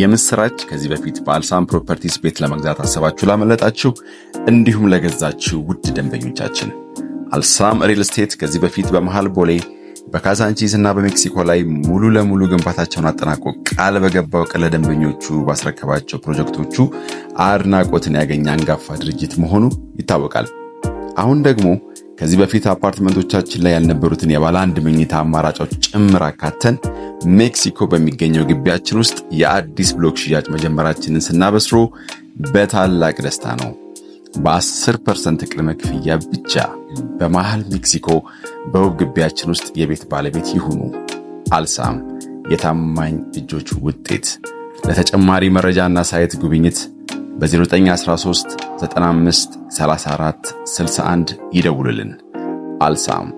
የምስራች ከዚህ በፊት በአልሳን ፕሮፐርቲስ ቤት ለመግዛት አሰባችሁ ላመለጣችሁ እንዲሁም ለገዛችሁ ውድ ደንበኞቻችን አልሳም ሪል ስቴት ከዚህ በፊት በመሃል ቦሌ በካዛንቺስ እና በሜክሲኮ ላይ ሙሉ ለሙሉ ግንባታቸውን አጠናቆ ቃል በገባው ቀለ ለደንበኞቹ ባስረከባቸው ፕሮጀክቶቹ አድናቆትን ያገኘ አንጋፋ ድርጅት መሆኑ ይታወቃል። አሁን ደግሞ ከዚህ በፊት አፓርትመንቶቻችን ላይ ያልነበሩትን የባለ አንድ መኝታ አማራጮች ጭምር አካተን ሜክሲኮ በሚገኘው ግቢያችን ውስጥ የአዲስ ብሎክ ሽያጭ መጀመራችንን ስናበስሮ በታላቅ ደስታ ነው። በ10 ፐርሰንት ቅድመ ክፍያ ብቻ በመሃል ሜክሲኮ በውብ ግቢያችን ውስጥ የቤት ባለቤት ይሁኑ። አልሳም የታማኝ እጆች ውጤት። ለተጨማሪ መረጃና ሳይት ጉብኝት በ0913 95 34 61 ይደውሉልን። አልሳም